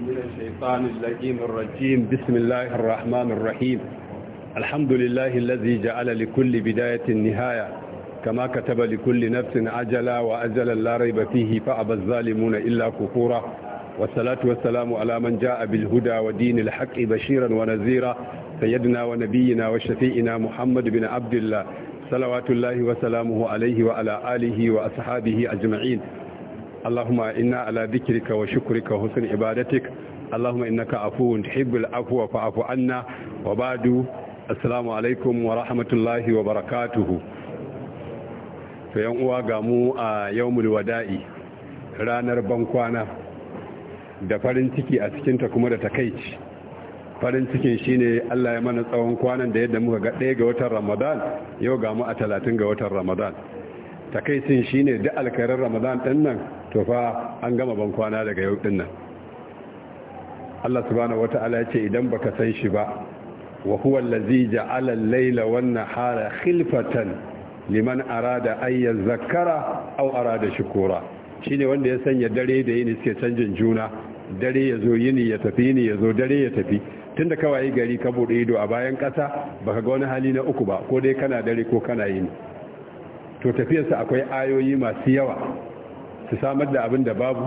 من الشيطان اللجيم الرجيم بسم الله الرحمن الرحيم الحمد لله الذي جعل لكل بداية نهاية كما كتب لكل نفس عجلا وأجلا لا ريب فيه فأبى الظالمون إلا كفورا والصلاة والسلام على من جاء بالهدى ودين الحق بشيرا ونذيرا سيدنا ونبينا وشفيئنا محمد بن عبد الله صلوات الله وسلامه عليه وعلى آله وأصحابه أجمعين اللهم إنا على ذكرك وشكرك وحسن عبادتك اللهم إنك عفو تحب العفو فاعف عنا وبعد السلام عليكم ورحمة الله وبركاته to yan uwa ga mu a yawmul wada'i ranar bankwana da farin ciki a cikinta kuma da takaici farin cikin shine Allah ya mana tsawon kwanan da yadda muka ga ɗaya ga watan Ramadan yau ga mu a talatin ga watan Ramadan takaicin shine duk alkarin Ramadan ɗin nan to fa an gama ban kwana daga yau din nan Allah subhanahu wata'ala ya ce idan baka san shi ba wa huwa allazi ja'ala al-laila wan-nahara khilfatan liman arada an yazakkara aw arada shukura shine wanda ya sanya dare da yini suke canjin juna dare ya zo yini ya tafi yini ya zo dare ya tafi tunda ka kawai gari ka bude ido a bayan kasa baka ga wani hali na uku ba ko dai kana dare ko kana yini to tafiyarsa akwai ayoyi masu yawa su samar da abin da babu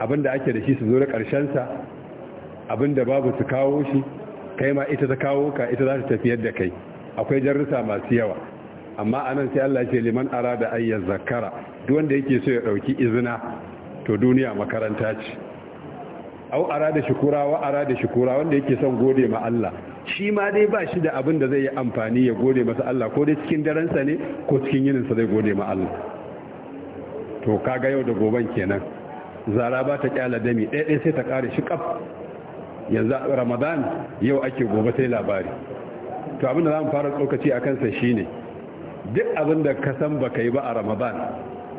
abin da ake da shi su zo da ƙarshensa abin da babu su kawo shi kai ma ita ta kawo ka ita za ta tafiyar da kai akwai jarrusa masu yawa amma anan sai Allah ce liman arada ayyan zakara duk wanda yake so ya dauki izina to duniya makaranta ce au arada shukura wa arada shukura wanda yake son gode ma Allah shi ma dai ba shi da abin da zai yi amfani ya gode masa Allah ko dai cikin daransa ne ko cikin yinin sa zai gode ma Allah to kaga yau da goban kenan zara ba ta kyala dami ɗaya sai ta ƙare shi ƙaf. yanzu ramadan yau ake goba sai labari to abin da za mu fara tsokaci a kansa shi ne, duk abin da ka san baka yi ba a ramadan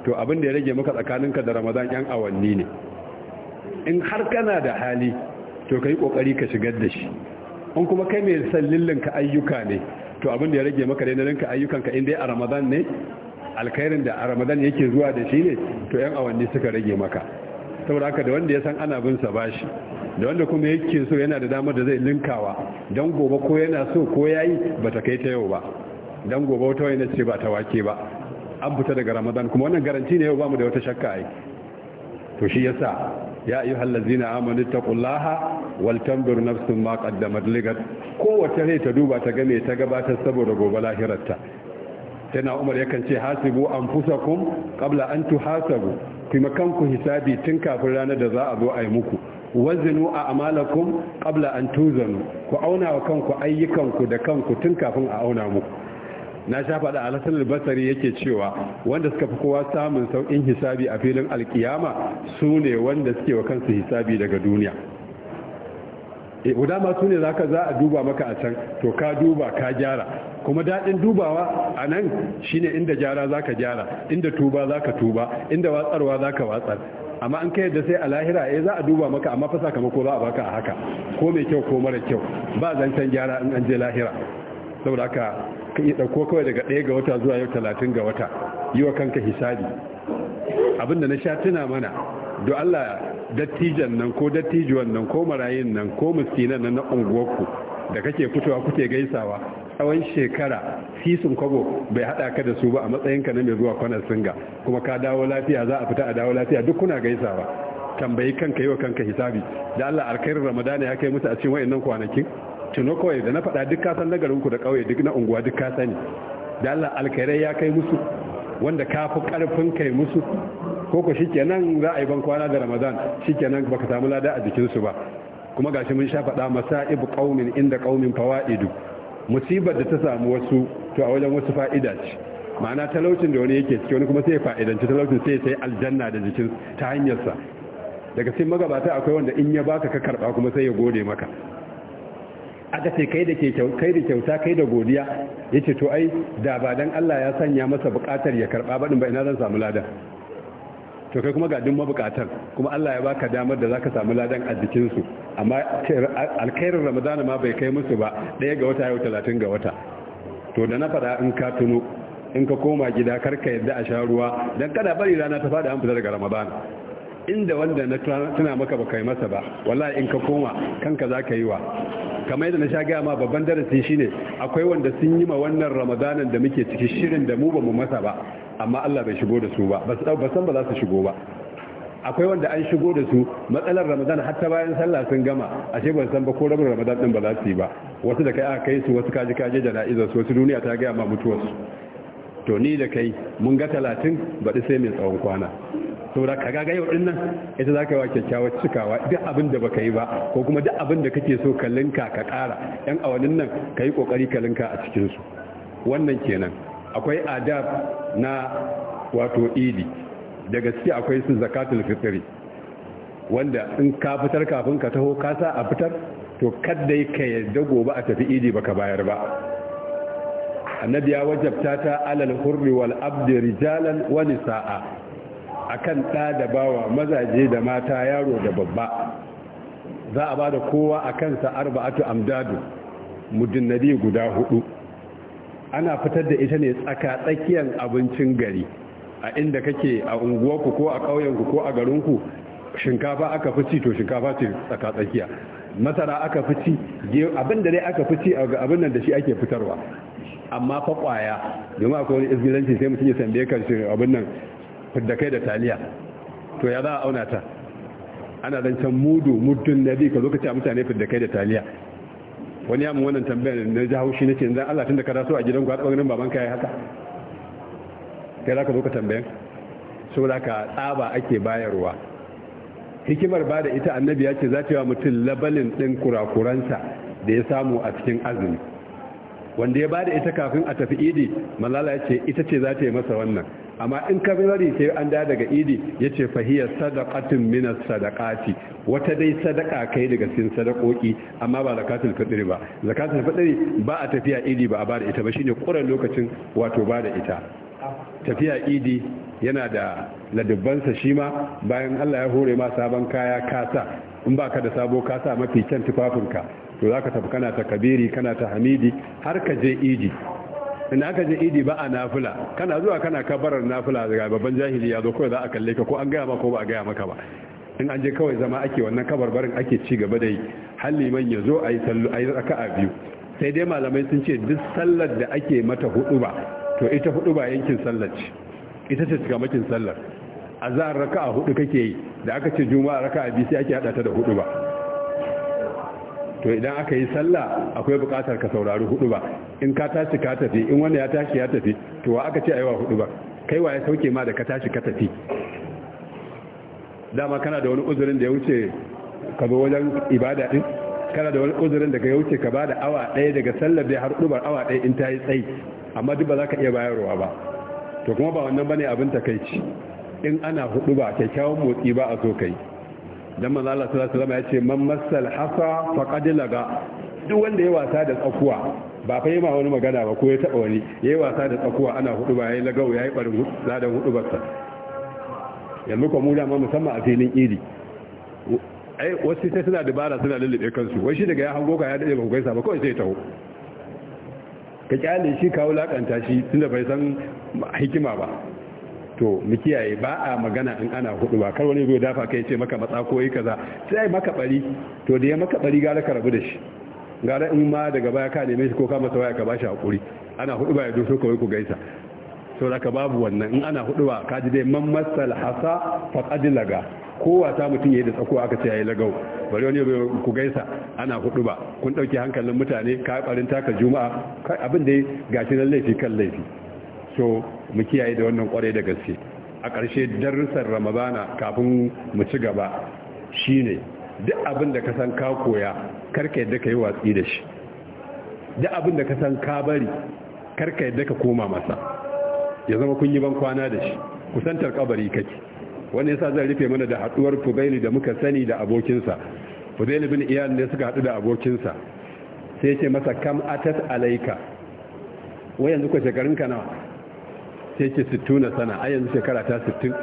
to abin da ya rage maka tsakaninka da ramadan yan awanni ne in har kana da hali to ka yi kokari ka shigar da shi in kuma kai mai sallillinka ayyuka ne to abin da ya rage maka da ayyukanka in dai a ramadan ne alkhairin da a ramadan yake zuwa da shi ne to yan awanni suka rage maka saboda haka da wanda ya san ana bin sa bashi da wanda kuma yake so yana da damar da zai linkawa dan gobe ko yana so ko yayi bata kai ta yau ba dan gobe wata wani ce ba ta wake ba an fita daga ramadan kuma wannan garanti ne yau ba mu da wata shakka ai to shi yasa ya ayu ladzina amanu taqullaha wal tanzur nafsun ma qaddamat ligat kowace rai ta duba ta ga game ta gabatar saboda gobe lahirarta sai umar yakan ce hasibu an fusa kun kabla an tu hasabu kuma kanku hisabi tun kafin ranar da za a zo a yi muku wazinu a amalakum kabla an tuzanu ku auna wa kanku ayyukanku da kanku tun kafin a auna muku na sha faɗa lasar albasari yake cewa wanda suka fi kowa samun sauƙin hisabi a filin alkiyama su ne wanda suke wa kansu hisabi daga duniya e dama su ne za a duba maka a can to ka duba ka gyara kuma daɗin dubawa a nan shine inda gyara za ka gyara inda tuba za ka tuba inda watsarwa za ka watsar amma an kai yadda sai a lahira e za a duba maka amma fa ko za a baka a haka ko mai kyau ko mara kyau ba zancen gyara in an je lahira saboda haka ka yi ɗauko kawai daga ɗaya ga wata zuwa yau talatin ga wata yi wa kanka hisabi abinda na sha tuna mana do Allah dattijan nan ko dattijuwan nan ko marayin nan ko miskinan nan na unguwarku da kake fitowa kuke gaisawa tsawon shekara sisin kwabo bai hada ka da su ba a matsayinka na mai zuwa kwanar singa kuma ka dawo lafiya za a fita a dawo lafiya duk kuna gaisawa tambayi kanka yi wa kanka hisabi da Allah alkhairin ramadana ya kai musu a cikin wayannan kwanakin tuno kawai da na faɗa duk kasan na garinku da ƙauye duk na unguwa duk ka sani da Allah alkhairai ya kai musu wanda ka fi ƙarfin kai musu ko ko shikenan za a yi ban kwana da ramadan shikenan baka samu lada a jikinsu ba kuma gashi mun sha faɗa masa'ib qaumin inda qaumin fawaidu musibar da ta samu wasu to a wajen wasu fa'ida ce ma'ana talaucin da wani yake ciki wani kuma sai ya fa'idanci talaucin sai sai aljanna da jikin ta hanyarsa daga sai magabata akwai wanda in ya baka ka karba kuma sai ya gode maka aka ce kai da kai da kyauta kai da godiya yace to ai da ba dan Allah ya sanya masa bukatar ya karba ba din ba ina zan samu lada to kai kuma ga duk mabukatan kuma Allah ya baka damar da zaka samu ladan a jikin su amma alkhairin ramadana ma bai kai musu ba daya ga wata yau 30 ga wata to da na fada in ka tuno in ka koma gida karka yadda a sha ruwa dan kada bari rana ta fada an fita daga Ramadan inda wanda na tuna maka baka yi masa ba wallahi in ka koma kanka zaka yi wa kamar yadda na sha gaya ma babban darasi shine akwai wanda sun yi ma wannan ramadanan da muke ciki shirin da mu ba mu masa ba amma Allah bai shigo da su ba ba san ba za su shigo ba akwai wanda an shigo da su matsalar ramadan hatta bayan sallah sun gama a ce ban san ba ko rabin ramadan din ba za su yi ba wasu da kai aka kai su wasu kaji kaje jana'izar su wasu duniya ta gaya ma mutuwarsu to ni da kai mun ga talatin baɗi sai mai tsawon kwana saboda ka gaga yau din nan ita za ka yi wa kyakkyawar cikawa duk abin da baka yi ba ko kuma duk abin da kake so ka ka ƙara yan awannin nan ka yi ƙoƙari ka linka a cikinsu wannan kenan akwai adab na wato idi da gaske akwai su zakatul fitr wanda in ka fitar kafin ka taho ka sa a fitar to kadda ka yarda gobe a tafi idi baka bayar ba annabi ya wajabta ta alal hurri wal abdi rijalan wa nisaa akan ɗa da bawa mazaje da mata yaro da babba za a ba da kowa a kansa arba'atu amdadu mudinnadi guda hudu ana fitar da ita ne tsaka tsakiyar abincin gari a inda kake a unguwarku ko a ƙauyenku ko a garinku shinkafa aka fi ci to shinkafa ce tsaka tsakiya masara aka fi ci abin da dai aka fi ci abin nan da shi ake fitarwa amma fa kwaya domin akwai wani izgilanci sai mutum ya tambaye kan shi abin nan da kai da taliya to ya za a auna ta ana can mudu na nabi ka zo ka ce a mutane fiddakai da taliya wani yamin wannan tambayar na ji haushi ce zan Allah tun da ka raso a gidan ku a baban ka ya haka kai za ka zo ka tambayan da ka tsaba ake bayarwa hikimar ba da ita annabi ya ce za ta yi wa mutum labalin ɗin kurakuransa da ya samu a cikin azumi wanda ya ba da ita kafin a tafi idi malala ya ce ita ce za ta yi masa wannan amma in ka bari sai an da daga idi ya ce fahiya sadakatun minas sadaqati wata dai sadaka kai daga cikin sadakoki amma ba zakatul fitri ba zakatul fitri ba a tafiya idi ba a bada ita ba shine kuran lokacin wato bada ita tafiya idi yana da ladubbansa shi ma bayan Allah ya hore ma sabon kaya kasa in baka da sabo kasa mafi kyan tufafinka to zaka tafi kana ta kabiri kana ta hamidi har ka je idi in aka je idi ba a nafila kana zuwa kana kabarar nafila daga babban jahili ya zo kawai za a kalle ka ko an gaya maka ko ba a gaya maka ba in an je kawai zama ake wannan kabarbarin ake ci gaba da yi har liman ya zo a yi sallu a yi biyu sai dai malamai sun ce duk sallar da ake mata hudu ba to ita hudu ba yankin sallar ce ita ce cikamakin sallar a za'ar a hudu kake yi da aka ce juma'a raka a biyu sai ake hada ta da hudu ba to idan aka yi sallah akwai bukatar ka saurari hudu ba in ka tashi ka tafi in wanda ya tashi ya tafi to wa aka ce aiwa hudu ba kai wa ya sauke ma da ka tashi ka tafi dama kana da wani uzurin da ya wuce ka zo wajen ibada din kana da wani uzurin da ka ya wuce ka ba da awa ɗaya daga sallar da har dubar awa ɗaya in ta yi tsayi amma duk ba za ka iya bayarwa ba to kuma ba wannan bane abin takaici in ana hudu ba kyakkyawan motsi ba a so kai dan manzo Allah sallallahu alaihi wasallam ya ce man massal hasa faqad laga duk wanda ya wasa da tsakuwa ba fa yima wani magana ba ko ya taba wani yayi wasa da tsakuwa ana hudu ba yayi ya yayi barin dan hudu ba yanzu ko mu da ma musamman a filin iri. ai wasu sai suna bara suna lullube kansu wai shi daga ya hango ka ya dade ba ku gaisa ba kawai sai taho ka kyale shi kawo lakanta shi tunda bai san hikima ba to mu kiyaye ba a magana in ana hudu ba kar wani zai dafa kai ce maka matsa ko yi kaza sai maka bari to da ya maka bari gara ka rabu da shi gara in ma daga baya ka neme shi ko ka masa waya ka bashi hakuri ana hudu ba ya doso kawai ku gaisa to zaka babu wannan in ana hudu ba ka ji dai man masal hasa faqad laga kowa ta mutum yayi da tsako aka ce yayi lagau bari wani ku gaisa ana hudu ba kun dauki hankalin mutane ka barin taka juma'a abin da gashi nan laifi kan laifi so mu kiyaye da wannan kwarai da gaske a ƙarshe darussan ramadana kafin mu ci gaba shine duk abin da ka san ka koya karka yadda ka yi watsi da shi duk abin da ka san ka bari karka yadda ka koma masa ya zama kun yi ban kwana da shi kusantar kabari kake wani yasa zan rufe mana da haduwar fudaili da muka sani da abokinsa fudaili bin iyal ne suka hadu da abokinsa sai ce masa kam atat alaika wai yanzu ko ka nawa sai ce 60 sana a yanzu shekara ta 60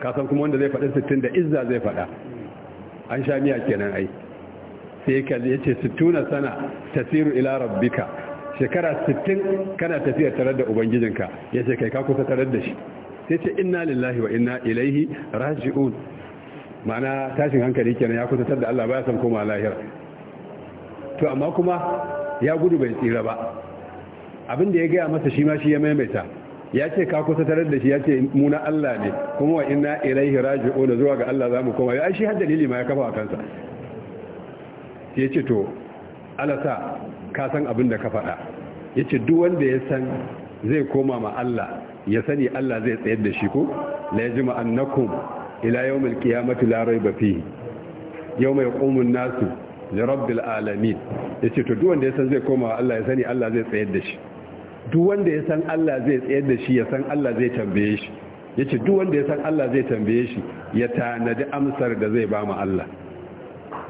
kasan kuma wanda zai faɗi 60 da izza zai faɗa an sha miya kenan ai sai kalli ya ce 60 sana tasiru ila rabbika shekara 60 kana tafiya tare da ubangijinka ya ce kai ka kusa tare da shi sai ce inna lillahi wa inna ilaihi raji'un ma'ana tashin hankali kenan ya tare da Allah baya san koma lahira to amma kuma ya gudu bai tsira ba abin da ya gaya masa shi ma shi ya maimaita ya ce ka kusa tarar da shi ya ce muna Allah ne kuma wa ina ilaihi raji'un zuwa ga Allah za mu koma ai shi har dalili ma ya kafa a kansa ya ce to alasa ka san abin da ka faɗa ya ce duk wanda ya san zai koma ma Allah ya sani Allah zai tsayar da shi ko la yajma annakum ila yawmil qiyamati la rayba fihi yawma yaqumu an-nasu li rabbil alamin ya ce to duk wanda ya san zai koma ma Allah ya sani Allah zai tsayar da shi duk wanda ya san Allah zai tsayar da shi ya san Allah zai tambaye shi yace duk wanda ya san Allah zai tambaye shi ya tanadi amsar da zai ba mu Allah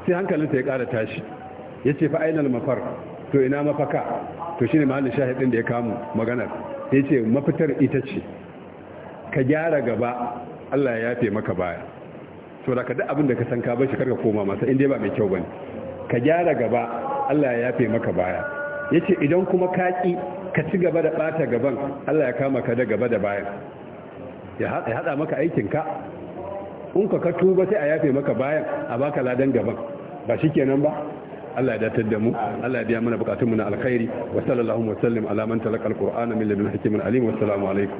sai ta ya ƙara tashi yace fa ainal mafar to ina mafaka to shine mahallin shahidin da ya kamu maganar yace mafitar ita ce ka gyara gaba Allah ya yafe maka baya to da ka duk abin da ka san ka bar shi karka koma masa in dai ba mai kyau bane ka gyara gaba Allah ya yafe maka baya yace idan kuma kaki ka ci gaba da bata gaban Allah ya kama ka da gaba da bayan ya hada maka aikin ka in ka ka tuba sai a yafe maka bayan a baka ladan gaban ba shikenan ba Allah ya datar da mu Allah ya biya mana bukatunmu na alkhairi wa sallallahu wa sallim ala man talaqa alqur'ana min ladun hakimin alim wa assalamu alaikum